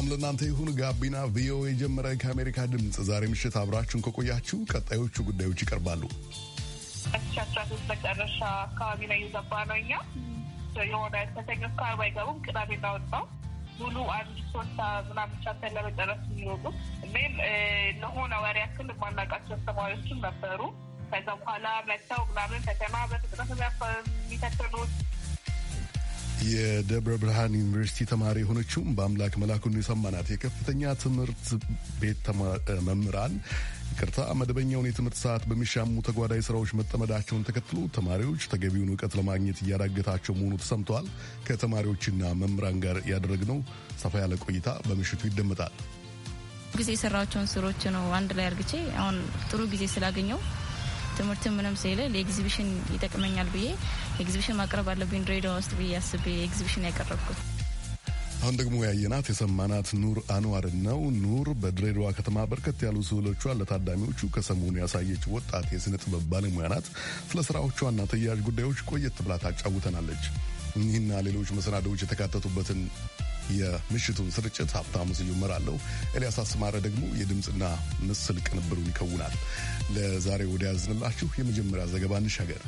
ሰላም ለእናንተ ይሁን። ጋቢና ቪኦኤ ጀመረ። ከአሜሪካ ድምፅ ዛሬ ምሽት አብራችሁን ከቆያችሁ ቀጣዮቹ ጉዳዮች ይቀርባሉ። መጨረሻ አካባቢ ላይ የገባ ነው። እኛ የሆነ ተሰኞ አርብ አይገቡም፣ ቅዳሜ እናወጣው ሙሉ አንድ ሶስት ምናምን ቻፕተር ለመጨረስ የሚወጡ እኔም ለሆነ ወር ያክል የማናውቃቸው አስተማሪዎችም ነበሩ። ከዛ በኋላ መጥተው ምናምን ፈተና በፍጥነት የደብረ ብርሃን ዩኒቨርሲቲ ተማሪ የሆነችውም በአምላክ መላኩን የሰማናት የከፍተኛ ትምህርት ቤት መምህራን ቅርታ መደበኛውን የትምህርት ሰዓት በሚሻሙ ተጓዳይ ስራዎች መጠመዳቸውን ተከትሎ ተማሪዎች ተገቢውን እውቀት ለማግኘት እያዳገታቸው መሆኑ ተሰምተዋል። ከተማሪዎችና መምህራን ጋር ያደረግነው ሰፋ ያለ ቆይታ በምሽቱ ይደመጣል። ጊዜ የሰራቸውን ስሮች ነው አንድ ላይ አርግቼ አሁን ጥሩ ጊዜ ስላገኘው ትምህርት ምንም ሲል ለኤግዚቢሽን ይጠቅመኛል ብዬ ኤግዚቢሽን ማቅረብ አለብኝ ድሬዳዋ ውስጥ ብዬ አስቤ ኤግዚቢሽን ያቀረብኩት። አሁን ደግሞ ያየናት የሰማናት ኑር አንዋር ነው። ኑር በድሬዳዋ ከተማ በርከት ያሉ ስዕሎቿን ለታዳሚዎቹ ከሰሞኑ ያሳየች ወጣት የስነ ጥበብ ባለሙያ ናት። ስለ ስራዎቿና ተያያዥ ጉዳዮች ቆየት ብላ ታጫውተናለች። እኒህና ሌሎች መሰናዶዎች የተካተቱበትን የምሽቱ ስርጭት ሀብታሙ ስዩም እመራለሁ። ኤልያስ አስማረ ደግሞ የድምፅና ምስል ቅንብሩን ይከውናል። ለዛሬ ወደ ያዝንላችሁ የመጀመሪያ ዘገባ እንሻገር።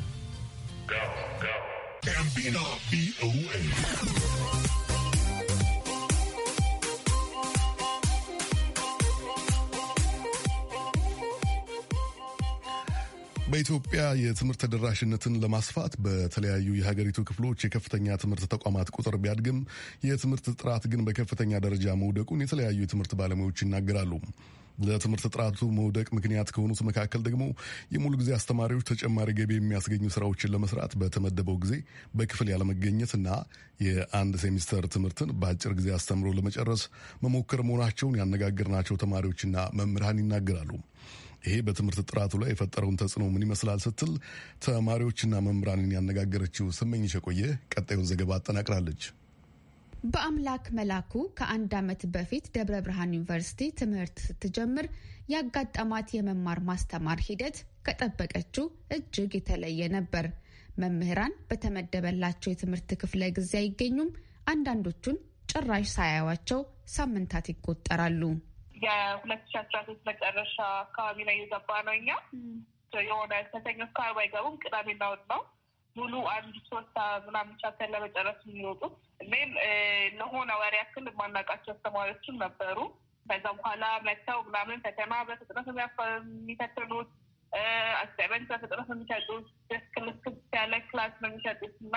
በኢትዮጵያ የትምህርት ተደራሽነትን ለማስፋት በተለያዩ የሀገሪቱ ክፍሎች የከፍተኛ ትምህርት ተቋማት ቁጥር ቢያድግም የትምህርት ጥራት ግን በከፍተኛ ደረጃ መውደቁን የተለያዩ የትምህርት ባለሙያዎች ይናገራሉ። ለትምህርት ጥራቱ መውደቅ ምክንያት ከሆኑት መካከል ደግሞ የሙሉ ጊዜ አስተማሪዎች ተጨማሪ ገቢ የሚያስገኙ ስራዎችን ለመስራት በተመደበው ጊዜ በክፍል ያለመገኘትና የአንድ ሴሚስተር ትምህርትን በአጭር ጊዜ አስተምሮ ለመጨረስ መሞከር መሆናቸውን ያነጋገርናቸው ተማሪዎችና መምህራን ይናገራሉ። ይሄ በትምህርት ጥራቱ ላይ የፈጠረውን ተጽዕኖ ምን ይመስላል ስትል ተማሪዎችና መምህራንን ያነጋገረችው ስመኝሽ የቆየ ቀጣዩን ዘገባ አጠናቅራለች። በአምላክ መላኩ ከአንድ ዓመት በፊት ደብረ ብርሃን ዩኒቨርሲቲ ትምህርት ስትጀምር ያጋጠማት የመማር ማስተማር ሂደት ከጠበቀችው እጅግ የተለየ ነበር። መምህራን በተመደበላቸው የትምህርት ክፍለ ጊዜ አይገኙም። አንዳንዶቹን ጭራሽ ሳያዩዋቸው ሳምንታት ይቆጠራሉ። የሁለት ሺ አስራ ሶስት መጨረሻ አካባቢ ላይ የገባ ነው። እኛ የሆነ ሰኞ አካባቢ አይገቡም። ቅዳሜ እሑድ ነው ሙሉ አንድ ሶስት ምናምን ቻፕተር ለመጨረስ የሚወጡት። እኔም ለሆነ ወር ያክል የማናውቃቸው አስተማሪዎችም ነበሩ። ከዛ በኋላ መጥተው ምናምን ፈተና በፍጥነት የሚፈትኑት አስጠመንት በፍጥነት የሚሰጡት ደስክ ልስክ ያለ ክላስ ነው የሚሰጡት እና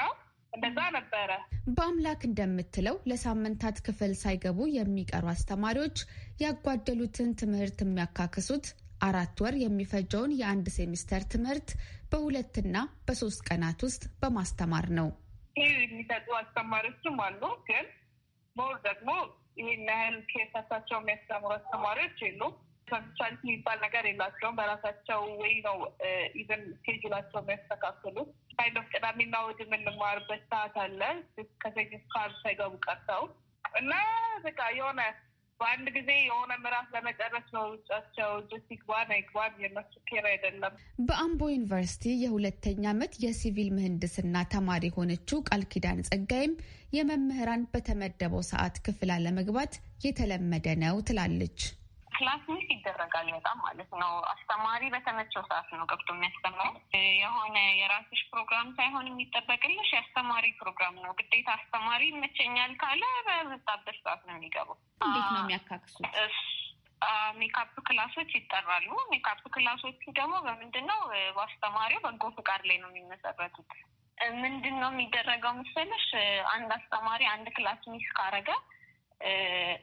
እንደዛ ነበረ። በአምላክ እንደምትለው ለሳምንታት ክፍል ሳይገቡ የሚቀሩ አስተማሪዎች ያጓደሉትን ትምህርት የሚያካክሱት አራት ወር የሚፈጀውን የአንድ ሴሚስተር ትምህርት በሁለትና በሶስት ቀናት ውስጥ በማስተማር ነው። ይህ የሚሰጡ አስተማሪዎችም አሉ፣ ግን ሞር ደግሞ ይህን ያህል ኬርታቸው የሚያስተምሩ አስተማሪዎች የሉም። ቻልት የሚባል ነገር የላቸውም። በራሳቸው ወይ ነው ኢቨን ስኬጁላቸው የሚያስተካክሉት። ካይንድ ኦፍ ቅዳሜና እሑድ የምንማርበት ሰዓት አለ። ከሰኞ እስከ ዓርብ ሳይገቡ ቀርተው እና በቃ የሆነ በአንድ ጊዜ የሆነ ምዕራፍ ለመጨረስ ነው ውጫቸው ጀስት ይግባን አይግባን የነሱ ኬር አይደለም። በአምቦ ዩኒቨርሲቲ የሁለተኛ ዓመት የሲቪል ምህንድስና ተማሪ የሆነችው ቃል ኪዳን ጸጋይም የመምህራን በተመደበው ሰዓት ክፍል አለመግባት የተለመደ ነው ትላለች። ክላስ ሚስ ይደረጋል በጣም ማለት ነው። አስተማሪ በተመቸው ሰዓት ነው ገብቶ የሚያስተምረው። የሆነ የራስሽ ፕሮግራም ሳይሆን የሚጠበቅልሽ የአስተማሪ ፕሮግራም ነው ግዴታ። አስተማሪ ይመቸኛል ካለ በመጣበት ሰዓት ነው የሚገባው። እንዴት ነው የሚያካክሱት? ሜካፕ ክላሶች ይጠራሉ። ሜካፕ ክላሶቹ ደግሞ በምንድን ነው በአስተማሪው በጎ ፍቃድ ላይ ነው የሚመሰረቱት። ምንድን ነው የሚደረገው መሰለሽ አንድ አስተማሪ አንድ ክላስ ሚስ ካረገ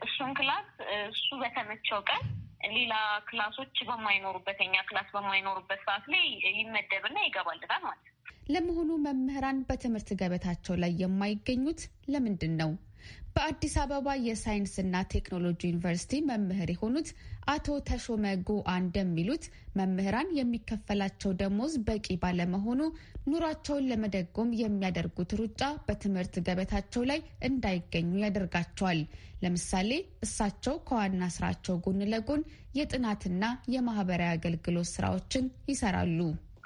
እሱን ክላስ እሱ በተመቸው ቀን ሌላ ክላሶች በማይኖሩበት ኛ ክላስ በማይኖሩበት ሰዓት ላይ ይመደብና ይገባልታል ማለት ነው። ለመሆኑ መምህራን በትምህርት ገበታቸው ላይ የማይገኙት ለምንድን ነው? በአዲስ አበባ የሳይንስና ቴክኖሎጂ ዩኒቨርሲቲ መምህር የሆኑት አቶ ተሾመ ጎአ እንደሚሉት መምህራን የሚከፈላቸው ደሞዝ በቂ ባለመሆኑ ኑሯቸውን ለመደጎም የሚያደርጉት ሩጫ በትምህርት ገበታቸው ላይ እንዳይገኙ ያደርጋቸዋል። ለምሳሌ እሳቸው ከዋና ስራቸው ጎን ለጎን የጥናትና የማህበራዊ አገልግሎት ስራዎችን ይሰራሉ።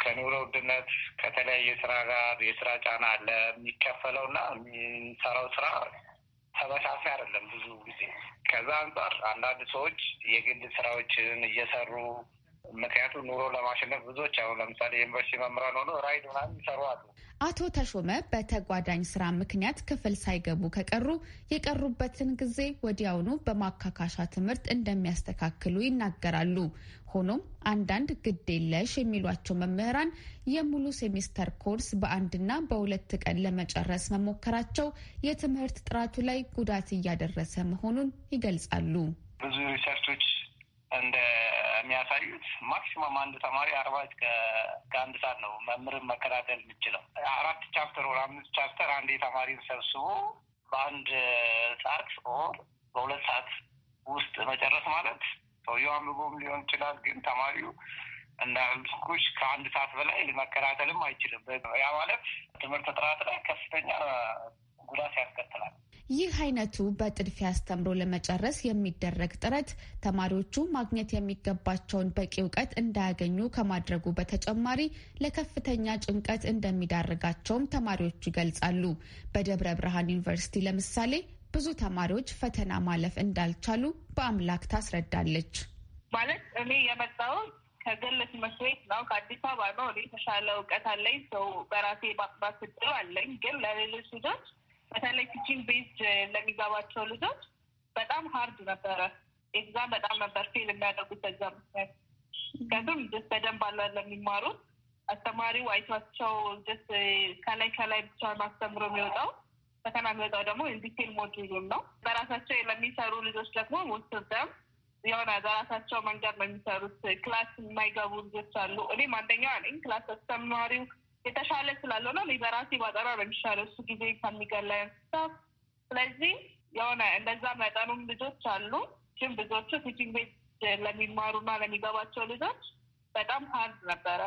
ከኑሮ ውድነት ከተለያየ ስራ ጋር የስራ ጫና አለ። የሚከፈለውና የሚሰራው ስራ ተመሳሳይ አይደለም ብዙ ጊዜ። ከዛ አንጻር አንዳንድ ሰዎች የግል ስራዎችን እየሰሩ ምክንያቱም ኑሮ ለማሸነፍ ብዙዎች አሁን ለምሳሌ ዩኒቨርሲቲ መምህራን ሆኖ ራይድ ምናምን ይሰሩ አሉ። አቶ ተሾመ በተጓዳኝ ስራ ምክንያት ክፍል ሳይገቡ ከቀሩ የቀሩበትን ጊዜ ወዲያውኑ በማካካሻ ትምህርት እንደሚያስተካክሉ ይናገራሉ። ሆኖም አንዳንድ ግድ የለሽ የሚሏቸው መምህራን የሙሉ ሴሚስተር ኮርስ በአንድና በሁለት ቀን ለመጨረስ መሞከራቸው የትምህርት ጥራቱ ላይ ጉዳት እያደረሰ መሆኑን ይገልጻሉ። ብዙ ሪሰርቾች እንደ የሚያሳዩት ማክሲመም አንድ ተማሪ አርባ እስከ አንድ ሰዓት ነው መምህርን መከታተል የምችለው። አራት ቻፕተር ወር አምስት ቻፕተር አንዴ ተማሪን ሰብስቦ በአንድ ሰዓት ኦር በሁለት ሰዓት ውስጥ መጨረስ ማለት ሰውየው አንብቦም ሊሆን ይችላል፣ ግን ተማሪው እንዳልኩሽ ከአንድ ሰዓት በላይ መከታተልም አይችልም። ያ ማለት ትምህርት ጥራት ላይ ከፍተኛ ጉዳት ያስከትላል። ይህ አይነቱ በጥድፊያ አስተምሮ ለመጨረስ የሚደረግ ጥረት ተማሪዎቹ ማግኘት የሚገባቸውን በቂ እውቀት እንዳያገኙ ከማድረጉ በተጨማሪ ለከፍተኛ ጭንቀት እንደሚዳርጋቸውም ተማሪዎቹ ይገልጻሉ። በደብረ ብርሃን ዩኒቨርሲቲ ለምሳሌ ብዙ ተማሪዎች ፈተና ማለፍ እንዳልቻሉ በአምላክ ታስረዳለች። ማለት እኔ የመጣሁት ከግል ትምህርት ቤት ነው። ከአዲስ አበባ ነው። እኔ የተሻለ እውቀት አለኝ። ሰው በራሴ ማጥናት ስድል አለኝ። ግን ለሌሎች ልጆች በተለይ ቲችንግ ቤዝድ ለሚገባቸው ልጆች በጣም ሀርድ ነበረ። ኤግዛም በጣም ነበር ፌል የሚያደርጉት በዛ ምክንያት። ምክንያቱም ደስ በደንብ አለ ለሚማሩት አስተማሪው አይቷቸው ደስ ከላይ ከላይ ብቻ ማስተምሮ የሚወጣው ፈተና የሚወጣው ደግሞ ኢንዲቴል ሞጁሉም ነው። በራሳቸው ለሚሰሩ ልጆች ደግሞ ወስደም የሆነ በራሳቸው መንገድ ነው የሚሰሩት። ክላስ የማይገቡ ልጆች አሉ። እኔም አንደኛዋ ነኝ። ክላስ አስተማሪው የተሻለ ስላለው ነው። ስላልሆነ በራሴ ባጠራ ነው የሚሻለው እሱ ጊዜ ከሚገላ እንስሳ። ስለዚህ የሆነ እንደዛ መጠኑም ልጆች አሉ፣ ግን ብዙዎቹ ቲችንግ ቤት ለሚማሩና ለሚገባቸው ልጆች በጣም ሀርድ ነበረ።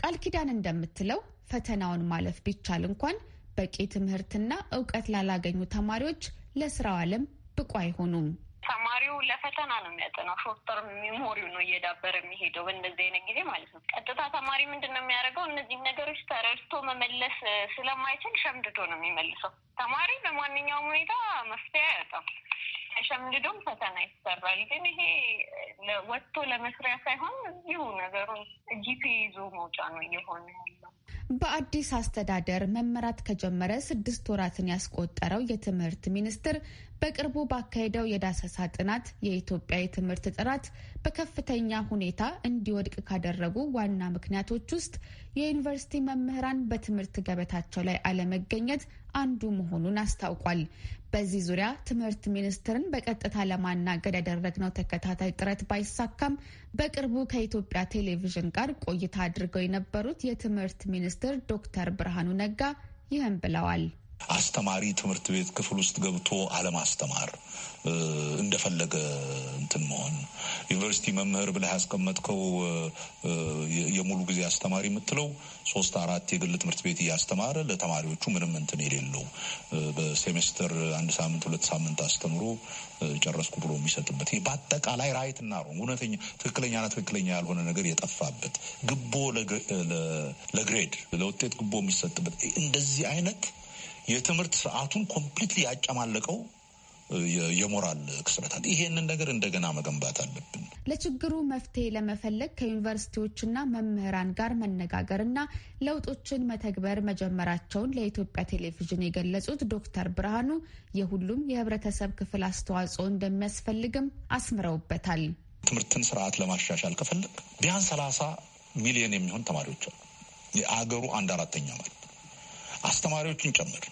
ቃል ኪዳን እንደምትለው ፈተናውን ማለፍ ቢቻል እንኳን በቂ ትምህርትና እውቀት ላላገኙ ተማሪዎች ለስራው ዓለም ብቁ አይሆኑም። ተማሪው ለፈተና ነው የሚያጠናው። ሾርተር ሜሞሪው ነው እየዳበረ የሚሄደው በእንደዚህ አይነት ጊዜ ማለት ነው። ቀጥታ ተማሪ ምንድን ነው የሚያደርገው? እነዚህ ነገሮች ተረድቶ መመለስ ስለማይችል ሸምድዶ ነው የሚመልሰው። ተማሪ በማንኛውም ሁኔታ መፍትሄ አያጣም። ተሸምድዶም ፈተና ይሰራል። ግን ይሄ ወጥቶ ለመስሪያ ሳይሆን እዚሁ ነገሩን ጂፒ ይዞ መውጫ ነው እየሆነ ያለ በአዲስ አስተዳደር መመራት ከጀመረ ስድስት ወራትን ያስቆጠረው የትምህርት ሚኒስቴር በቅርቡ ባካሄደው የዳሰሳ ጥናት የኢትዮጵያ የትምህርት ጥራት በከፍተኛ ሁኔታ እንዲወድቅ ካደረጉ ዋና ምክንያቶች ውስጥ የዩኒቨርሲቲ መምህራን በትምህርት ገበታቸው ላይ አለመገኘት አንዱ መሆኑን አስታውቋል። በዚህ ዙሪያ ትምህርት ሚኒስትርን በቀጥታ ለማናገድ ያደረግነው ተከታታይ ጥረት ባይሳካም በቅርቡ ከኢትዮጵያ ቴሌቪዥን ጋር ቆይታ አድርገው የነበሩት የትምህርት ሚኒስትር ዶክተር ብርሃኑ ነጋ ይህን ብለዋል። አስተማሪ ትምህርት ቤት ክፍል ውስጥ ገብቶ አለማስተማር እንደፈለገ እንትን መሆን ዩኒቨርሲቲ መምህር ብለህ ያስቀመጥከው የሙሉ ጊዜ አስተማሪ የምትለው ሶስት አራት የግል ትምህርት ቤት እያስተማረ ለተማሪዎቹ ምንም እንትን የሌለው በሴሜስተር አንድ ሳምንት ሁለት ሳምንት አስተምሮ ጨረስኩ ብሎ የሚሰጥበት ይህ በአጠቃላይ ራይት እና ሮንግ እውነተኛ ትክክለኛና ትክክለኛ ያልሆነ ነገር የጠፋበት ግቦ ለግሬድ ለውጤት ግቦ የሚሰጥበት እንደዚህ አይነት የትምህርት ስርዓቱን ኮምፕሊትሊ ያጨማለቀው የሞራል አለ። ይሄንን ነገር እንደገና መገንባት አለብን። ለችግሩ መፍትሄ ለመፈለግ ከዩኒቨርሲቲዎችና መምህራን ጋር መነጋገርና ለውጦችን መተግበር መጀመራቸውን ለኢትዮጵያ ቴሌቪዥን የገለጹት ዶክተር ብርሃኑ የሁሉም የህብረተሰብ ክፍል አስተዋጽኦ እንደሚያስፈልግም አስምረውበታል። ትምህርትን ስርዓት ለማሻሻል ከፈለግ ቢያንስ ሰላሳ ሚሊዮን የሚሆን ተማሪዎች አሉ። የአገሩ አንድ አራተኛ ማለት አስተማሪዎችን ጨምር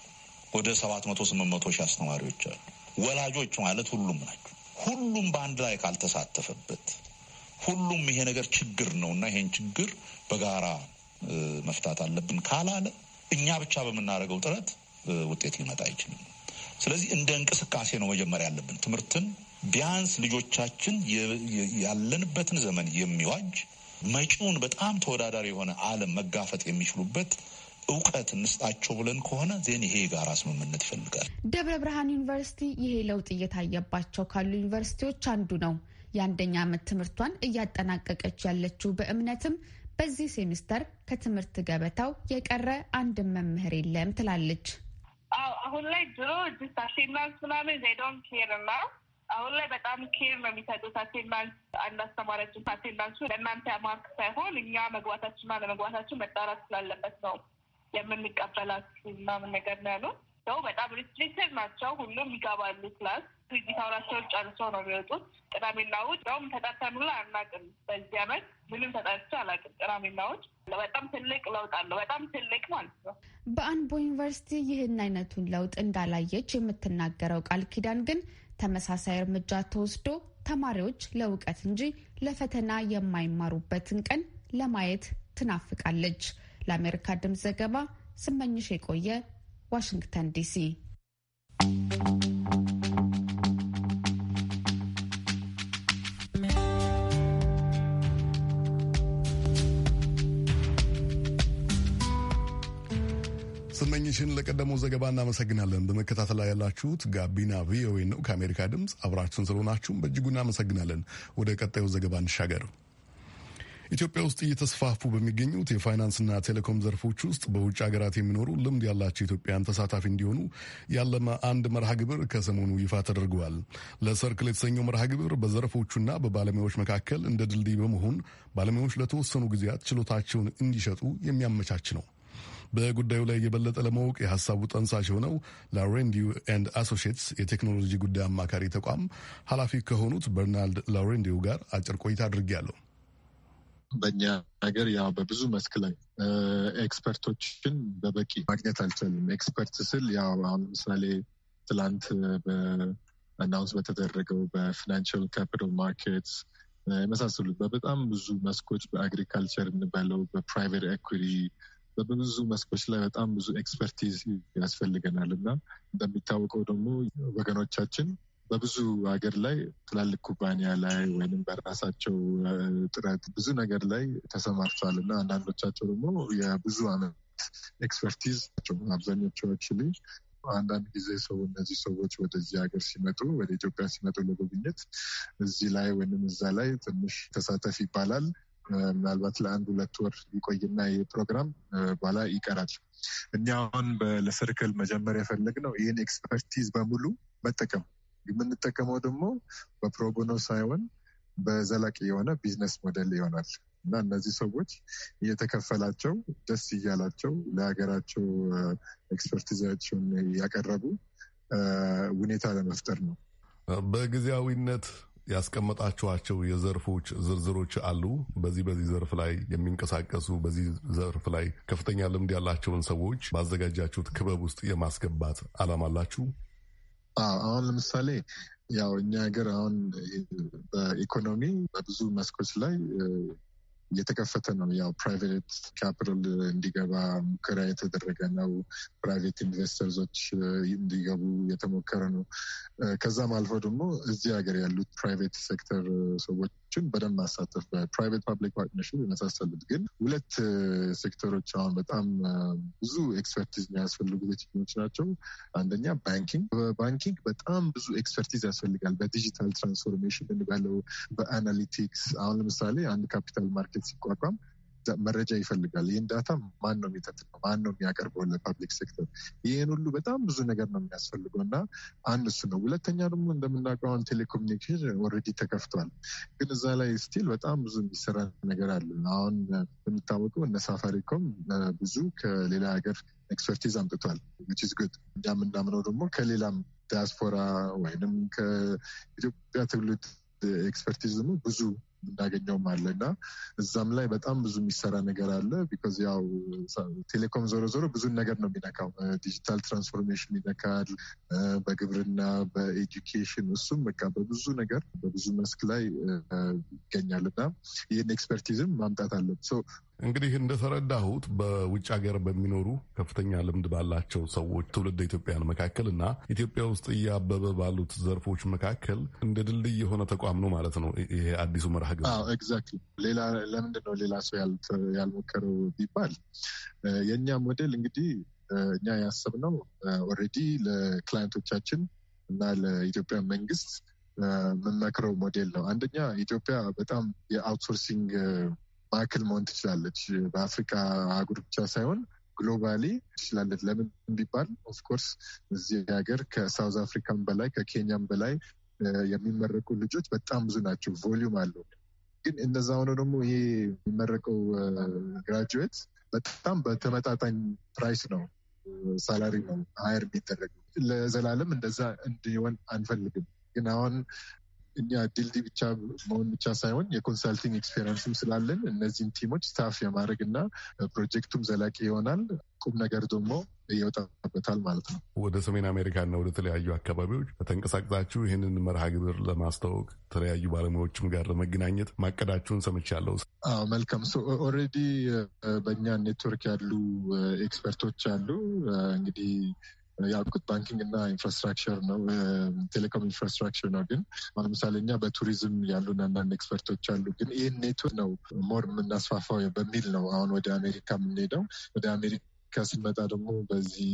ወደ ሰባት መቶ ስምንት መቶ ሺህ አስተማሪዎች አሉ። ወላጆች ማለት ሁሉም ናቸው። ሁሉም በአንድ ላይ ካልተሳተፈበት ሁሉም ይሄ ነገር ችግር ነው እና ይሄን ችግር በጋራ መፍታት አለብን ካላለ እኛ ብቻ በምናደርገው ጥረት ውጤት ሊመጣ አይችልም። ስለዚህ እንደ እንቅስቃሴ ነው መጀመሪያ ያለብን። ትምህርትን ቢያንስ ልጆቻችን ያለንበትን ዘመን የሚዋጅ መጪውን በጣም ተወዳዳሪ የሆነ ዓለም መጋፈጥ የሚችሉበት እውቀት እንስጣቸው ብለን ከሆነ ዜን ይሄ የጋራ ስምምነት ይፈልጋል። ደብረ ብርሃን ዩኒቨርሲቲ ይሄ ለውጥ እየታየባቸው ካሉ ዩኒቨርሲቲዎች አንዱ ነው። የአንደኛ ዓመት ትምህርቷን እያጠናቀቀች ያለችው በእምነትም በዚህ ሴሚስተር ከትምህርት ገበታው የቀረ አንድም መምህር የለም ትላለች። አሁን ላይ ድሮ ጅስት አቴንዳንስ ምናምን ዜዶን ኬር እና አሁን ላይ በጣም ኬር ነው የሚሰጡት። አቴንዳንስ አንድ አስተማሪያችን አቴንዳንሱ ለእናንተ ማርክ ሳይሆን እኛ መግባታችንና ለመግባታችን መጣራት ስላለበት ነው የምንቀበላችሁ ምናምን ነገር ነው ያሉት። ሰው በጣም ሪስትሪክትድ ናቸው። ሁሉም ይገባሉ ክላስ ዲታውራቸውን ጨርሶ ነው የሚወጡት። ቅዳሜና እሑድ እንደውም ተጠርተን ሁላ አናውቅም። በዚህ አመት ምንም ተጠርቼ አላውቅም። ቅዳሜና እሑድ በጣም ትልቅ ለውጥ አለው። በጣም ትልቅ ማለት ነው። በአንቦ ዩኒቨርሲቲ ይህን አይነቱን ለውጥ እንዳላየች የምትናገረው ቃል ኪዳን ግን ተመሳሳይ እርምጃ ተወስዶ ተማሪዎች ለእውቀት እንጂ ለፈተና የማይማሩበትን ቀን ለማየት ትናፍቃለች። ለአሜሪካ ድምፅ ዘገባ ስመኝሽ የቆየ ዋሽንግተን ዲሲ። ስመኝሽን ለቀደመው ዘገባ እናመሰግናለን። በመከታተል ላይ ያላችሁት ጋቢና ቪኦኤ ነው ከአሜሪካ ድምፅ። አብራችሁን ስለሆናችሁም በእጅጉ እናመሰግናለን። ወደ ቀጣዩ ዘገባ እንሻገር። ኢትዮጵያ ውስጥ እየተስፋፉ በሚገኙት የፋይናንስና ቴሌኮም ዘርፎች ውስጥ በውጭ ሀገራት የሚኖሩ ልምድ ያላቸው ኢትዮጵያን ተሳታፊ እንዲሆኑ ያለመ አንድ መርሃ ግብር ከሰሞኑ ይፋ ተደርገዋል። ለሰርክል የተሰኘው መርሃ ግብር በዘርፎቹና በባለሙያዎች መካከል እንደ ድልድይ በመሆን ባለሙያዎች ለተወሰኑ ጊዜያት ችሎታቸውን እንዲሸጡ የሚያመቻች ነው። በጉዳዩ ላይ የበለጠ ለማወቅ የሀሳቡ ጠንሳሽ የሆነው ላውሬንዲዩ ኤንድ አሶሺየትስ የቴክኖሎጂ ጉዳይ አማካሪ ተቋም ኃላፊ ከሆኑት በርናልድ ላውሬንዲዩ ጋር አጭር ቆይታ አድርጌያለሁ። በእኛ ሀገር ያው በብዙ መስክ ላይ ኤክስፐርቶችን በበቂ ማግኘት አልቻልም። ኤክስፐርት ስል ያው አሁን ለምሳሌ ትላንት በአናውንስ በተደረገው በፊናንሽል ካፒታል ማርኬትስ የመሳሰሉት በበጣም ብዙ መስኮች በአግሪካልቸር እንበለው በፕራይቬት ኤኩሪ በብዙ መስኮች ላይ በጣም ብዙ ኤክስፐርቲዝ ያስፈልገናል እና እንደሚታወቀው ደግሞ ወገኖቻችን በብዙ ሀገር ላይ ትላልቅ ኩባንያ ላይ ወይም በራሳቸው ጥረት ብዙ ነገር ላይ ተሰማርተዋል እና አንዳንዶቻቸው ደግሞ የብዙ አመት ኤክስፐርቲዝ አብዛኞቹ አንዳንድ ጊዜ ሰው እነዚህ ሰዎች ወደዚህ ሀገር ሲመጡ ወደ ኢትዮጵያ ሲመጡ ለጉብኝት እዚህ ላይ ወይም እዛ ላይ ትንሽ ተሳተፍ ይባላል። ምናልባት ለአንድ ሁለት ወር ሊቆይና ይህ ፕሮግራም በኋላ ይቀራል። እኛ አሁን ለሰርክል መጀመር የፈለግነው ይህን ኤክስፐርቲዝ በሙሉ መጠቀም የምንጠቀመው ደግሞ በፕሮቦኖ ሳይሆን በዘላቂ የሆነ ቢዝነስ ሞዴል ይሆናል እና እነዚህ ሰዎች እየተከፈላቸው ደስ እያላቸው ለሀገራቸው ኤክስፐርቲዛቸውን ያቀረቡ ሁኔታ ለመፍጠር ነው። በጊዜያዊነት ያስቀመጣችኋቸው የዘርፎች ዝርዝሮች አሉ። በዚህ በዚህ ዘርፍ ላይ የሚንቀሳቀሱ በዚህ ዘርፍ ላይ ከፍተኛ ልምድ ያላቸውን ሰዎች ባዘጋጃችሁት ክበብ ውስጥ የማስገባት አላማ አላችሁ? አሁን ለምሳሌ ያው እኛ ሀገር አሁን በኢኮኖሚ በብዙ መስኮች ላይ እየተከፈተ ነው። ያው ፕራይቬት ካፒታል እንዲገባ ሙከራ የተደረገ ነው። ፕራይቬት ኢንቨስተርዞች እንዲገቡ የተሞከረ ነው። ከዛም አልፎ ደግሞ እዚህ ሀገር ያሉት ፕራይቬት ሴክተር ሰዎች ሴክተሮችን በደንብ ማሳተፍ በፕራይቬት ፐብሊክ ፓርትነርሽፕ የመሳሰሉት። ግን ሁለት ሴክተሮች አሁን በጣም ብዙ ኤክስፐርቲዝ የሚያስፈልጉ የትኞች ናቸው? አንደኛ ባንኪንግ። በባንኪንግ በጣም ብዙ ኤክስፐርቲዝ ያስፈልጋል። በዲጂታል ትራንስፎርሜሽን እንበለው፣ በአናሊቲክስ አሁን ለምሳሌ አንድ ካፒታል ማርኬት ሲቋቋም መረጃ ይፈልጋል። ይህን ዳታ ማን ነው የሚጠጥቀው? ማን ነው የሚያቀርበው ለፐብሊክ ሴክተር? ይህን ሁሉ በጣም ብዙ ነገር ነው የሚያስፈልገው እና አንድ እሱ ነው። ሁለተኛ ደግሞ እንደምናውቀው አሁን ቴሌኮሙኒኬሽን ኦልሬዲ ተከፍቷል፣ ግን እዛ ላይ ስቲል በጣም ብዙ የሚሰራ ነገር አለ። አሁን እንደሚታወቀው እነ ሳፋሪኮም ብዙ ከሌላ ሀገር ኤክስፐርቲዝ አምጥቷል። ዝ ግድ እኛ የምናምነው ደግሞ ከሌላም ዲያስፖራ ወይንም ከኢትዮጵያ ትውልድ ኤክስፐርቲዝ ደግሞ ብዙ የምናገኘውም አለ እና እዛም ላይ በጣም ብዙ የሚሰራ ነገር አለ። ቢኮዝ ያው ቴሌኮም ዞሮ ዞሮ ብዙ ነገር ነው የሚነካው። ዲጂታል ትራንስፎርሜሽን ይነካል፣ በግብርና በኤጁኬሽን፣ እሱም በቃ በብዙ ነገር በብዙ መስክ ላይ ይገኛል እና ይህን ኤክስፐርቲዝም ማምጣት አለን እንግዲህ እንደተረዳሁት በውጭ ሀገር በሚኖሩ ከፍተኛ ልምድ ባላቸው ሰዎች ትውልድ ኢትዮጵያን መካከል እና ኢትዮጵያ ውስጥ እያበበ ባሉት ዘርፎች መካከል እንደ ድልድይ የሆነ ተቋም ነው ማለት ነው ይሄ አዲሱ መርሃ ግብር። ኤግዛክትሊ። ሌላ ለምንድን ነው ሌላ ሰው ያልሞከረው ቢባል የእኛ ሞዴል እንግዲህ እኛ ያሰብነው ኦልሬዲ ለክላይንቶቻችን እና ለኢትዮጵያ መንግስት የምንመክረው ሞዴል ነው። አንደኛ ኢትዮጵያ በጣም የአውትሶርሲንግ ማዕከል መሆን ትችላለች። በአፍሪካ አህጉር ብቻ ሳይሆን ግሎባሊ ትችላለች። ለምን ቢባል ኦፍኮርስ እዚህ ሀገር ከሳውዝ አፍሪካም በላይ ከኬንያም በላይ የሚመረቁ ልጆች በጣም ብዙ ናቸው። ቮሊዩም አለው። ግን እንደዛ ሆነ ደግሞ ይሄ የሚመረቀው ግራጁዌት በጣም በተመጣጣኝ ፕራይስ ነው ሳላሪ ነው ሀየር የሚደረግ ለዘላለም እንደዛ እንዲሆን አንፈልግም። ግን አሁን እኛ ድልድይ ብቻ መሆን ብቻ ሳይሆን የኮንሳልቲንግ ኤክስፔሪንስም ስላለን እነዚህን ቲሞች ስታፍ የማድረግ እና ፕሮጀክቱም ዘላቂ ይሆናል። ቁም ነገር ደግሞ ይወጣበታል ማለት ነው። ወደ ሰሜን አሜሪካና ወደ ተለያዩ አካባቢዎች ተንቀሳቅሳችሁ ይህንን መርሃ ግብር ለማስተዋወቅ የተለያዩ ባለሙያዎችም ጋር ለመገናኘት ማቀዳችሁን ሰምቻለሁ። አዎ መልካም። ኦልሬዲ በእኛ ኔትወርክ ያሉ ኤክስፐርቶች uh, አሉ uh, እንግዲህ ያልኩት ባንኪንግ እና ኢንፍራስትራክቸር ነው፣ ቴሌኮም ኢንፍራስትራክቸር ነው። ግን ለምሳሌ እኛ በቱሪዝም ያሉን አንዳንድ ኤክስፐርቶች አሉ። ግን ይህን ኔትወርክ ነው ሞር የምናስፋፋው በሚል ነው አሁን ወደ አሜሪካ የምንሄደው ወደ አሜሪካ ከስንመጣ ደግሞ በዚህ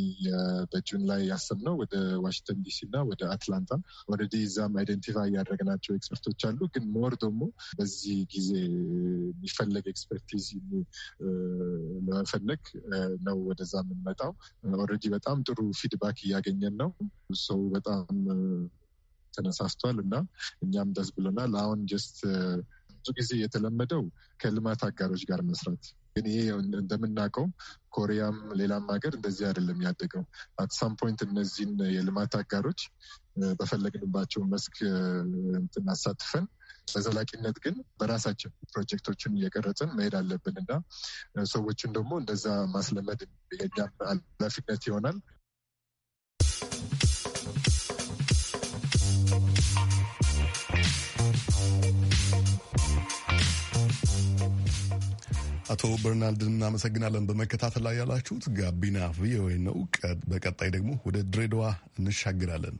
በጁን ላይ ያሰብነው ወደ ዋሽንግተን ዲሲ እና ወደ አትላንታ ኦልሬዲ እዛም አይደንቲፋይ ያደረግናቸው ኤክስፐርቶች አሉ። ግን ሞር ደግሞ በዚህ ጊዜ የሚፈለግ ኤክስፐርቲዝ ለመፈለግ ነው ወደዛ የምንመጣው። ኦልሬዲ በጣም ጥሩ ፊድባክ እያገኘን ነው። ሰው በጣም ተነሳስቷል እና እኛም ደስ ብሎናል። አሁን ጀስት ብዙ ጊዜ የተለመደው ከልማት አጋሮች ጋር መስራት ግን ይሄ እንደምናውቀው ኮሪያም ሌላም ሀገር እንደዚህ አይደለም ያደገው። አት ሳም ፖይንት እነዚህን የልማት አጋሮች በፈለግንባቸው መስክ እንትን አሳትፈን በዘላቂነት ግን በራሳችን ፕሮጀክቶችን እየቀረጽን መሄድ አለብን እና ሰዎችን ደግሞ እንደዛ ማስለመድ የኛም ኃላፊነት ይሆናል። አቶ በርናልድን እናመሰግናለን። በመከታተል ላይ ያላችሁት ጋቢና ቪኦኤ ነው። በቀጣይ ደግሞ ወደ ድሬዳዋ እንሻግራለን።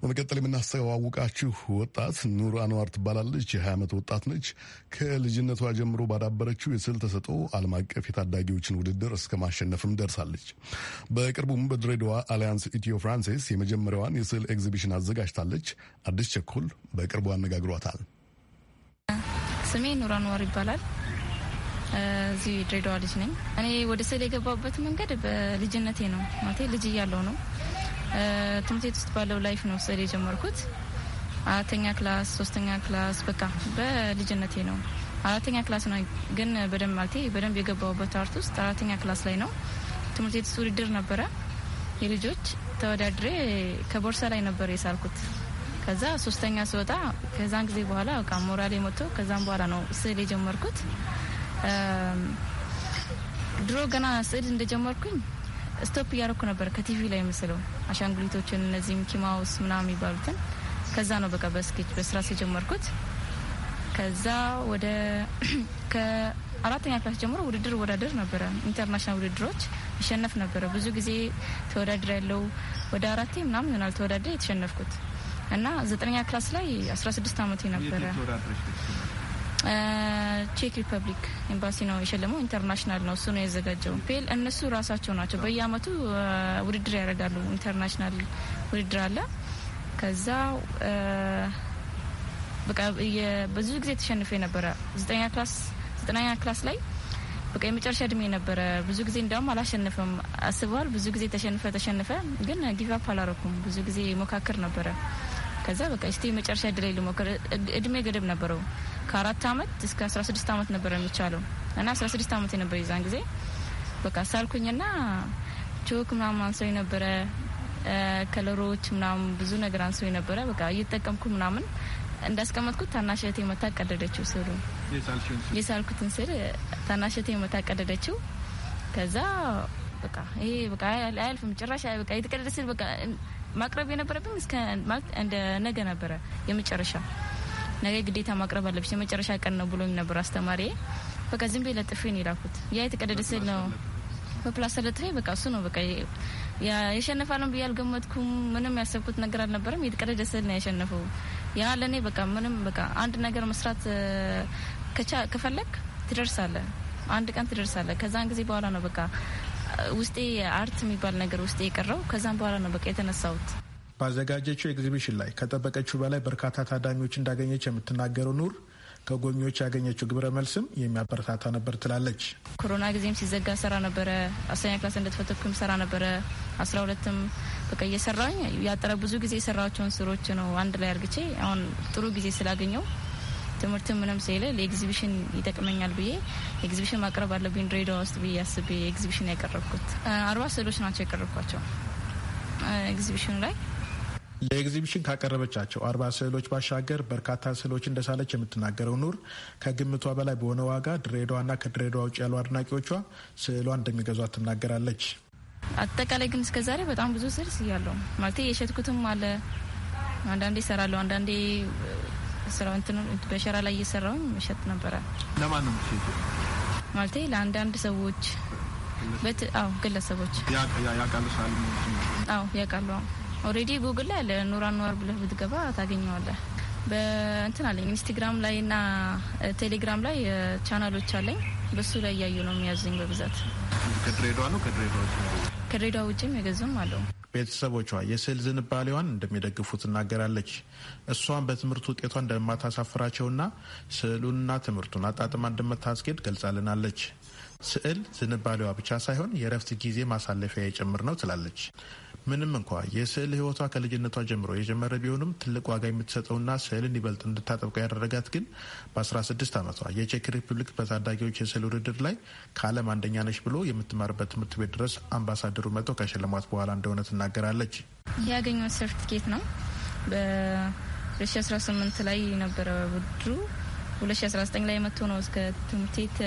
በመቀጠል የምናስተዋውቃችሁ ወጣት ኑር አንዋር ትባላለች። የ20 ዓመት ወጣት ነች። ከልጅነቷ ጀምሮ ባዳበረችው የስዕል ተሰጦ ዓለም አቀፍ የታዳጊዎችን ውድድር እስከ ማሸነፍም ደርሳለች። በቅርቡም በድሬዳዋ አሊያንስ ኢትዮ ፍራንሴስ የመጀመሪያዋን የስዕል ኤግዚቢሽን አዘጋጅታለች። አዲስ ቸኮል በቅርቡ አነጋግሯታል። ስሜ ኑር አንዋር ይባላል። እዚህ ድሬዳዋ ልጅ ነኝ። እኔ ወደ ስዕል የገባሁበት መንገድ በልጅነቴ ነው። ማለቴ ልጅ እያለሁ ነው። ትምህርት ቤት ውስጥ ባለው ላይፍ ነው ስዕል የጀመርኩት። አራተኛ ክላስ፣ ሶስተኛ ክላስ በቃ በልጅነቴ ነው። አራተኛ ክላስ ነው ግን በደንብ ማለቴ በደንብ የገባሁበት አርት ውስጥ አራተኛ ክላስ ላይ ነው። ትምህርት ቤት ውስጥ ውድድር ነበረ የልጆች ተወዳድሬ ከቦርሳ ላይ ነበር የሳልኩት። ከዛ ሶስተኛ ስወጣ ከዛን ጊዜ በኋላ በቃ ሞራሌ መጥቶ ከዛም በኋላ ነው ስዕል የጀመርኩት። ድሮ ገና ስዕል እንደጀመርኩኝ ስቶፕ እያደረኩ ነበር። ከቲቪ ላይ ምስለው አሻንጉሊቶችን፣ እነዚህ ሚኪ ማውስ ምናምን የሚባሉትን ከዛ ነው በቃ በስኬች በስራስ የጀመርኩት። ከዛ ወደ ከአራተኛ ክላስ ጀምሮ ውድድር ወዳደር ነበረ። ኢንተርናሽናል ውድድሮች ይሸነፍ ነበረ። ብዙ ጊዜ ተወዳድር ያለው ወደ አራቴ ምናምን ይሆናል ተወዳድሬ የተሸነፍኩት እና ዘጠነኛ ክላስ ላይ አስራ ስድስት አመቴ ነበረ ቼክ ሪፐብሊክ ኤምባሲ ነው የሸለመው። ኢንተርናሽናል ነው እሱ ነው የዘጋጀው። ፔል እነሱ ራሳቸው ናቸው በየአመቱ ውድድር ያደርጋሉ። ኢንተርናሽናል ውድድር አለ። ከዛ በቃ ብዙ ጊዜ ተሸንፎ የነበረ ዘጠኛ ክላስ ዘጠናኛ ክላስ ላይ በቃ የመጨረሻ እድሜ ነበረ። ብዙ ጊዜ እንዲያውም አላሸንፍም አስበዋል። ብዙ ጊዜ ተሸንፈ ተሸንፈ፣ ግን ጊቫፕ አላረኩም። ብዙ ጊዜ ሞካክር ነበረ። ከዛ በቃ እስቲ የመጨረሻ እድል ልሞክር፣ እድሜ ገደብ ነበረው ከአራት አመት እስከ አስራ ስድስት አመት ነበር የሚቻለው እና አስራ ስድስት አመት የነበር ይዛን ጊዜ በቃ ሳልኩኝና ቾክ ምናምን አንሰው ነበረ ከለሮች ምናምን ብዙ ነገር አንሰው ነበረ በቃ እየተጠቀምኩ ምናምን እንዳስቀመጥኩት ታናሸቴ መታ ቀደደችው ስሉ የሳልኩትን ስል ታናሸቴ መታ ቀደደችው ከዛ በቃ ይሄ በቃ አያልፍም ጭራሽ በቃ የተቀደደ ስል በቃ ማቅረብ የነበረብኝ እስከ እንደ ነገ ነበረ የመጨረሻ ነገ ግዴታ ማቅረብ አለብሽ የመጨረሻ ቀን ነው ብሎኝ ነበር አስተማሪ። በቃ ዝም ብዬ ለጥፌ ነው የላኩት። ያ የተቀደደ ስል ነው በፕላስ ለጥፌ። በቃ እሱ ነው በቃ የሸነፋለን ብዬ አልገመትኩም። ምንም ያሰብኩት ነገር አልነበረም። የተቀደደ ስል ነው ያሸነፈው። ያ ለእኔ በቃ ምንም በቃ አንድ ነገር መስራት ከፈለግ ትደርሳለ፣ አንድ ቀን ትደርሳለ። ከዛን ጊዜ በኋላ ነው በቃ ውስጤ አርት የሚባል ነገር ውስጤ የቀረው። ከዛም በኋላ ነው በቃ የተነሳሁት። ባዘጋጀችው ኤግዚቢሽን ላይ ከጠበቀችው በላይ በርካታ ታዳሚዎች እንዳገኘች የምትናገረው ኑር ከጎብኚዎች ያገኘችው ግብረ መልስም የሚያበረታታ ነበር ትላለች። ኮሮና ጊዜም ሲዘጋ ሰራ ነበረ። አስተኛ ክላስ እንደተፈተኩም ሰራ ነበረ። አስራ ሁለትም በቃ እየሰራኝ ያጠረ ብዙ ጊዜ የሰራቸውን ስሮች ነው አንድ ላይ አርግቼ አሁን ጥሩ ጊዜ ስላገኘው ትምህርት ምንም ሳይለ ለኤግዚቢሽን ይጠቅመኛል ብዬ ኤግዚቢሽን ማቅረብ አለብኝ ድሬዳዋ ውስጥ ብዬ አስቤ ኤግዚቢሽን ያቀረብኩት አርባ ስዕሎች ናቸው ያቀረብኳቸው ኤግዚቢሽኑ ላይ ለኤግዚቢሽን ካቀረበቻቸው አርባ ስዕሎች ባሻገር በርካታ ስዕሎች እንደሳለች የምትናገረው ኑር ከግምቷ በላይ በሆነ ዋጋ ድሬዳዋና ከድሬዳዋ ውጭ ያሉ አድናቂዎቿ ስዕሏ እንደሚገዟ ትናገራለች። አጠቃላይ ግን እስከዛሬ በጣም ብዙ ስዕል ስያለሁ ማለት የሸጥኩትም አለ። አንዳንዴ ይሰራለሁ፣ አንዳንዴ በሸራ ላይ እየሰራው እሸጥ ነበረ። ለማን ነው ማለት ለአንዳንድ ሰዎች በት ግለሰቦች ያቃሉ ኦልሬዲ ጉግል ላይ አለ አንዋር ብለህ ብትገባ ታገኘዋለህ። በእንትን አለኝ ኢንስታግራም ላይ እና ቴሌግራም ላይ ቻናሎች አለኝ። በሱ ላይ እያዩ ነው የሚያዘኝ በብዛት ከድሬዳዋ ነው። ከድሬዳዋ ከድሬዳዋ ውጭም የገዙም አለው። ቤተሰቦቿ የስዕል ዝንባሌዋን እንደሚደግፉ ትናገራለች። እሷን በትምህርት ውጤቷ እንደማታሳፍራቸውና ስዕሉንና ትምህርቱን አጣጥማ እንደምታስጌድ ገልጻልናለች። ስዕል ዝንባሌዋ ብቻ ሳይሆን የእረፍት ጊዜ ማሳለፊያ የጭምር ነው ትላለች። ምንም እንኳ የስዕል ህይወቷ ከልጅነቷ ጀምሮ የጀመረ ቢሆንም ትልቅ ዋጋ የምትሰጠውና ስዕልን ይበልጥ እንድታጠብቀው ያደረጋት ግን በ16 ዓመቷ የቼክ ሪፑብሊክ በታዳጊዎች የስዕል ውድድር ላይ ከዓለም አንደኛ ነች ብሎ የምትማርበት ትምህርት ቤት ድረስ አምባሳደሩ መጥቶ ከሽልማት በኋላ እንደሆነ ትናገራለች። ይህ ያገኘው ሰርቲፊኬት ነው። በ2018 ላይ ነበረ ውድሩ። 2019 ላይ መጥቶ ነው እስከ ትምህርት ቤት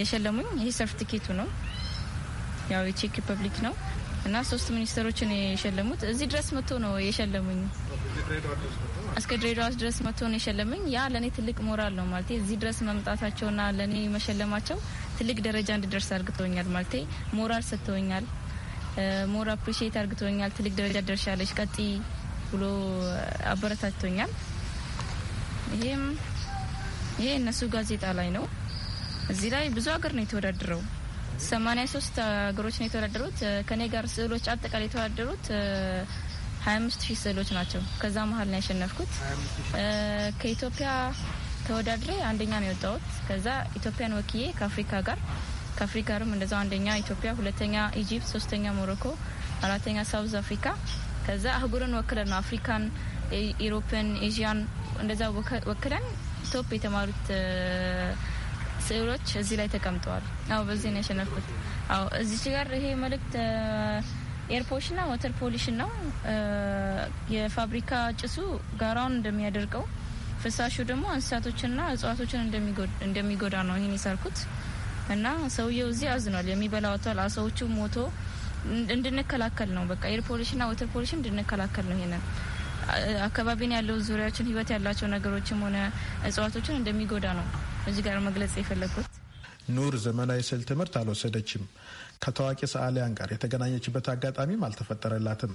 የሸለሙኝ። ይህ ሰርቲፊኬቱ ነው። ያው የቼክ ሪፐብሊክ ነው። እና ሶስት ሚኒስትሮችን የሸለሙት እዚህ ድረስ መጥቶ ነው የሸለሙኝ። እስከ ድሬዳዋ ድረስ መጥቶ ነው የሸለመኝ። ያ ለእኔ ትልቅ ሞራል ነው ማለት እዚህ ድረስ መምጣታቸውና ለእኔ መሸለማቸው ትልቅ ደረጃ እንድደርስ አርግቶኛል ማለት ሞራል ሰጥተውኛል። ሞር አፕሪሺየት አርግቶኛል። ትልቅ ደረጃ ደርሻለች ቀጢ ብሎ አበረታቶኛል። ይህም ይሄ እነሱ ጋዜጣ ላይ ነው። እዚህ ላይ ብዙ ሀገር ነው የተወዳድረው ሰማኒያ ሶስት ሀገሮች ነው የተወዳደሩት። ከኔ ጋር ስዕሎች አጠቃላይ የተወዳደሩት ሀያ አምስት ሺህ ስዕሎች ናቸው። ከዛ መሀል ነው ያሸነፍኩት። ከኢትዮጵያ ተወዳድሬ አንደኛ ነው የወጣሁት። ከዛ ኢትዮጵያን ወክዬ ከአፍሪካ ጋር ከአፍሪካርም እንደዛው አንደኛ ኢትዮጵያ፣ ሁለተኛ ኢጂፕት፣ ሶስተኛ ሞሮኮ፣ አራተኛ ሳውዝ አፍሪካ። ከዛ አህጉርን ወክለን ነው አፍሪካን፣ ኢሮፕን፣ ኤዥያን እንደዛ ወክለን ቶፕ የተማሩት ስዕሎች እዚህ ላይ ተቀምጠዋል። አዎ በዚህ ነው ያሸነፍኩት። አዎ እዚች ጋር ይሄ መልእክት ኤር ና ወተር ፖሊሽን ነው። የፋብሪካ ጭሱ ጋራውን እንደሚያደርቀው ፍሳሹ ደግሞ እንስሳቶችና እጽዋቶችን እንደሚጎዳ ነው ይህን የሰርኩት እና ሰውየው እዚህ አዝኗል። የሚበላወቷል አሳዎቹ ሞቶ እንድንከላከል ነው በቃ ኤር ፖሊሽን ና ወተር ፖሊሽ እንድንከላከል ነው ይሄንን አካባቢን ያለው ዙሪያችን ህይወት ያላቸው ነገሮችም ሆነ እጽዋቶችን እንደሚጎዳ ነው እዚህ ጋር መግለጽ የፈለግኩት። ኑር ዘመናዊ ስዕል ትምህርት አልወሰደችም። ከታዋቂ ሰዓሊያን ጋር የተገናኘችበት አጋጣሚም አልተፈጠረላትም።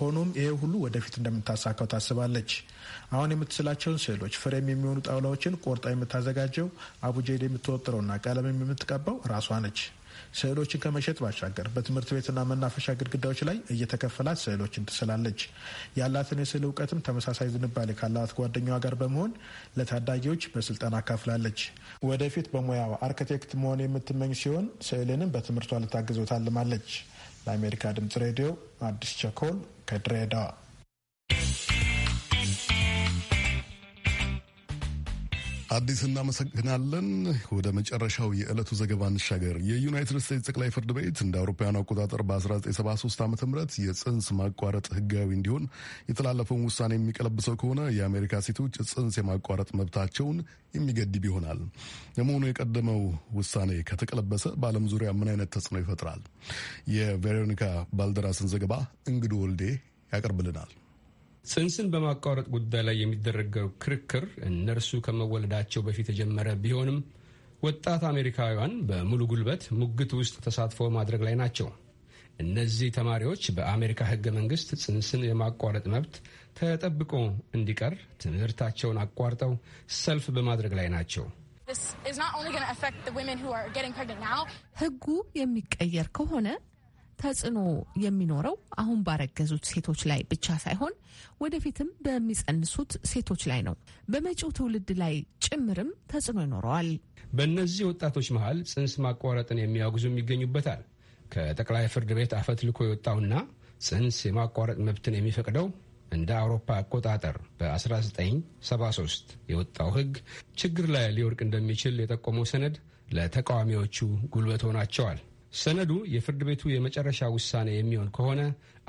ሆኖም ይሄ ሁሉ ወደፊት እንደምታሳካው ታስባለች። አሁን የምትስላቸውን ስዕሎች ፍሬም የሚሆኑ ጣውላዎችን ቆርጣ የምታዘጋጀው፣ አቡጀድ የምትወጥረውና ቀለም የምትቀባው ራሷ ነች። ስዕሎችን ከመሸጥ ባሻገር በትምህርት ቤትና መናፈሻ ግድግዳዎች ላይ እየተከፈላት ስዕሎችን ትስላለች። ያላትን የስዕል እውቀትም ተመሳሳይ ዝንባሌ ካላት ጓደኛዋ ጋር በመሆን ለታዳጊዎች በስልጠና አካፍላለች። ወደፊት በሙያዋ አርክቴክት መሆን የምትመኝ ሲሆን ስዕልንም በትምህርቷ ልታግዘው ታልማለች። ለአሜሪካ ድምጽ ሬዲዮ አዲስ ቸኮል ከድሬዳዋ አዲስ እናመሰግናለን። ወደ መጨረሻው የዕለቱ ዘገባ እንሻገር። የዩናይትድ ስቴትስ ጠቅላይ ፍርድ ቤት እንደ አውሮፓውያን አቆጣጠር በ1973 ዓ ም የጽንስ ማቋረጥ ህጋዊ እንዲሆን የተላለፈውን ውሳኔ የሚቀለብሰው ከሆነ የአሜሪካ ሴቶች ጽንስ የማቋረጥ መብታቸውን የሚገድብ ይሆናል። ለመሆኑ የቀደመው ውሳኔ ከተቀለበሰ በዓለም ዙሪያ ምን አይነት ተጽዕኖ ይፈጥራል? የቬሮኒካ ባልደራስን ዘገባ እንግዱ ወልዴ ያቀርብልናል። ጽንስን በማቋረጥ ጉዳይ ላይ የሚደረገው ክርክር እነርሱ ከመወለዳቸው በፊት የጀመረ ቢሆንም ወጣት አሜሪካውያን በሙሉ ጉልበት ሙግት ውስጥ ተሳትፎ ማድረግ ላይ ናቸው። እነዚህ ተማሪዎች በአሜሪካ ሕገ መንግስት ጽንስን የማቋረጥ መብት ተጠብቆ እንዲቀር ትምህርታቸውን አቋርጠው ሰልፍ በማድረግ ላይ ናቸው። ሕጉ የሚቀየር ከሆነ ተጽዕኖ የሚኖረው አሁን ባረገዙት ሴቶች ላይ ብቻ ሳይሆን ወደፊትም በሚጸንሱት ሴቶች ላይ ነው። በመጪው ትውልድ ላይ ጭምርም ተጽዕኖ ይኖረዋል። በእነዚህ ወጣቶች መሀል ጽንስ ማቋረጥን የሚያወግዙም ይገኙበታል። ከጠቅላይ ፍርድ ቤት አፈትልኮ የወጣውና ጽንስ የማቋረጥ መብትን የሚፈቅደው እንደ አውሮፓ አቆጣጠር በ1973 የወጣው ሕግ ችግር ላይ ሊወርቅ እንደሚችል የጠቆመው ሰነድ ለተቃዋሚዎቹ ጉልበት ሆናቸዋል። ሰነዱ የፍርድ ቤቱ የመጨረሻ ውሳኔ የሚሆን ከሆነ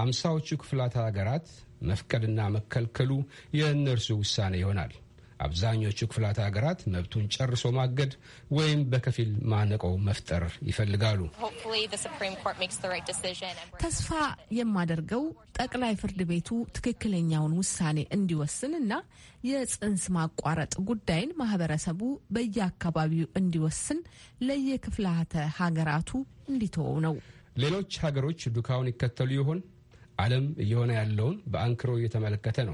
አምሳዎቹ ክፍላት ሀገራት መፍቀድና መከልከሉ የእነርሱ ውሳኔ ይሆናል። አብዛኞቹ ክፍላተ ሀገራት መብቱን ጨርሶ ማገድ ወይም በከፊል ማነቆ መፍጠር ይፈልጋሉ። ተስፋ የማደርገው ጠቅላይ ፍርድ ቤቱ ትክክለኛውን ውሳኔ እንዲወስን እና የጽንስ ማቋረጥ ጉዳይን ማህበረሰቡ በየአካባቢው እንዲወስን ለየክፍላተ ሀገራቱ እንዲተወው ነው። ሌሎች ሀገሮች ዱካውን ይከተሉ ይሆን? ዓለም እየሆነ ያለውን በአንክሮ እየተመለከተ ነው።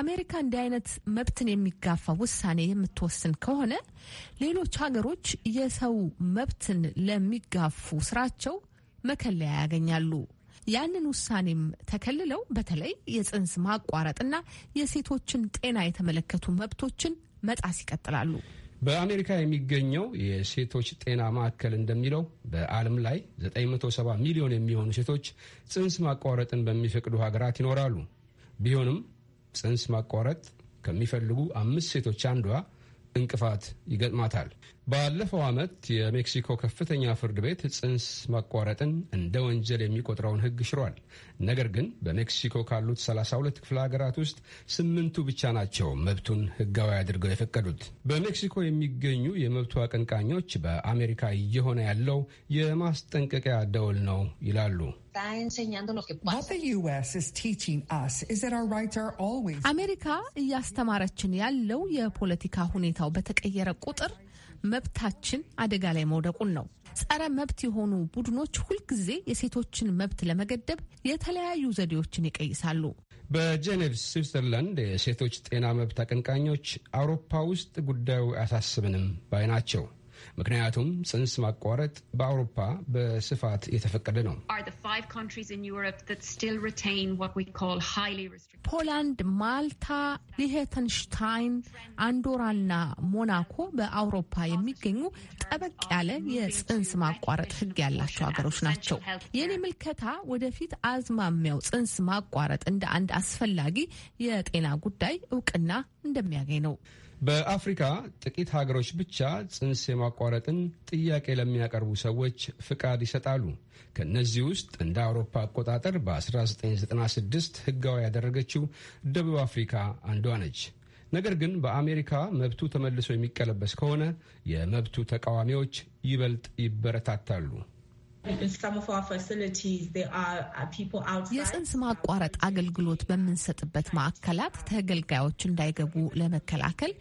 አሜሪካ እንዲህ አይነት መብትን የሚጋፋ ውሳኔ የምትወስን ከሆነ ሌሎች ሀገሮች የሰው መብትን ለሚጋፉ ስራቸው መከለያ ያገኛሉ። ያንን ውሳኔም ተከልለው በተለይ የጽንስ ማቋረጥና የሴቶችን ጤና የተመለከቱ መብቶችን መጣስ ይቀጥላሉ። በአሜሪካ የሚገኘው የሴቶች ጤና ማዕከል እንደሚለው በዓለም ላይ 970 ሚሊዮን የሚሆኑ ሴቶች ጽንስ ማቋረጥን በሚፈቅዱ ሀገራት ይኖራሉ። ቢሆንም ጽንስ ማቋረጥ ከሚፈልጉ አምስት ሴቶች አንዷ እንቅፋት ይገጥማታል። ባለፈው ዓመት የሜክሲኮ ከፍተኛ ፍርድ ቤት ጽንስ ማቋረጥን እንደ ወንጀል የሚቆጥረውን ሕግ ሽሯል። ነገር ግን በሜክሲኮ ካሉት 32 ክፍለ ሀገራት ውስጥ ስምንቱ ብቻ ናቸው መብቱን ሕጋዊ አድርገው የፈቀዱት። በሜክሲኮ የሚገኙ የመብቱ አቀንቃኞች በአሜሪካ እየሆነ ያለው የማስጠንቀቂያ ደወል ነው ይላሉ። está enseñando lo que pasa. አሜሪካ እያስተማረችን ያለው የፖለቲካ ሁኔታው በተቀየረ ቁጥር መብታችን አደጋ ላይ መውደቁን ነው። ጸረ መብት የሆኑ ቡድኖች ሁልጊዜ የሴቶችን መብት ለመገደብ የተለያዩ ዘዴዎችን ይቀይሳሉ። በጄኔቭ ስዊትዘርላንድ የሴቶች ጤና መብት አቀንቃኞች አውሮፓ ውስጥ ጉዳዩ አያሳስብንም ባይ ናቸው። ምክንያቱም ጽንስ ማቋረጥ በአውሮፓ በስፋት የተፈቀደ ነው። ፖላንድ፣ ማልታ፣ ሊሄተንሽታይን፣ አንዶራና ሞናኮ በአውሮፓ የሚገኙ ጠበቅ ያለ የጽንስ ማቋረጥ ሕግ ያላቸው ሀገሮች ናቸው። የኔ ምልከታ ወደፊት አዝማሚያው ጽንስ ማቋረጥ እንደ አንድ አስፈላጊ የጤና ጉዳይ እውቅና እንደሚያገኝ ነው። በአፍሪካ ጥቂት ሀገሮች ብቻ ጽንስ የማቋረጥን ጥያቄ ለሚያቀርቡ ሰዎች ፍቃድ ይሰጣሉ። ከእነዚህ ውስጥ እንደ አውሮፓ አቆጣጠር በ1996 ህጋዊ ያደረገችው ደቡብ አፍሪካ አንዷ ነች። ነገር ግን በአሜሪካ መብቱ ተመልሶ የሚቀለበስ ከሆነ የመብቱ ተቃዋሚዎች ይበልጥ ይበረታታሉ። Uh, የጽንስ ማቋረጥ አገልግሎት በምንሰጥበት ማዕከላት ተገልጋዮች እንዳይገቡ ለመከላከል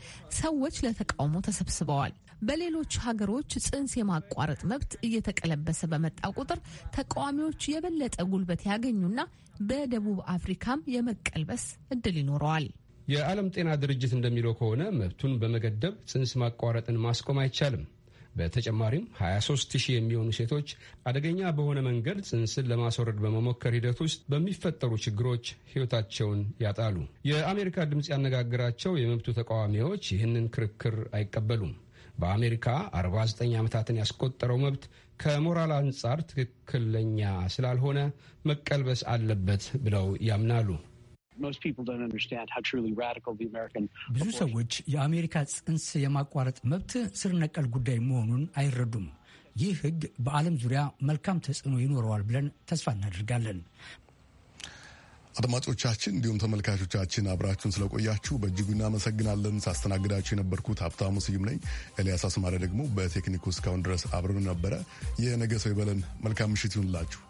ሰዎች ለተቃውሞ ተሰብስበዋል። በሌሎች ሀገሮች ጽንስ የማቋረጥ መብት እየተቀለበሰ በመጣ ቁጥር ተቃዋሚዎች የበለጠ ጉልበት ያገኙና በደቡብ አፍሪካም የመቀልበስ እድል ይኖረዋል። የዓለም ጤና ድርጅት እንደሚለው ከሆነ መብቱን በመገደብ ጽንስ ማቋረጥን ማስቆም አይቻልም። በተጨማሪም 23 ሺህ የሚሆኑ ሴቶች አደገኛ በሆነ መንገድ ጽንስን ለማስወረድ በመሞከር ሂደት ውስጥ በሚፈጠሩ ችግሮች ሕይወታቸውን ያጣሉ። የአሜሪካ ድምፅ ያነጋገራቸው የመብቱ ተቃዋሚዎች ይህንን ክርክር አይቀበሉም። በአሜሪካ 49 ዓመታትን ያስቆጠረው መብት ከሞራል አንጻር ትክክለኛ ስላልሆነ መቀልበስ አለበት ብለው ያምናሉ። ብዙ ሰዎች የአሜሪካ ጽንስ የማቋረጥ መብት ስር ነቀል ጉዳይ መሆኑን አይረዱም። ይህ ሕግ በዓለም ዙሪያ መልካም ተጽዕኖ ይኖረዋል ብለን ተስፋ እናደርጋለን። አድማጮቻችን እንዲሁም ተመልካቾቻችን አብራችሁን ስለቆያችሁ በእጅጉ እናመሰግናለን። ሳስተናግዳችሁ የነበርኩት ሀብታሙ ስዩም ነኝ። ኤልያስ አስማሪ ደግሞ በቴክኒኩ እስካሁን ድረስ አብረን ነበረ። የነገ ሰው ይበለን። መልካም ምሽት ይሁንላችሁ።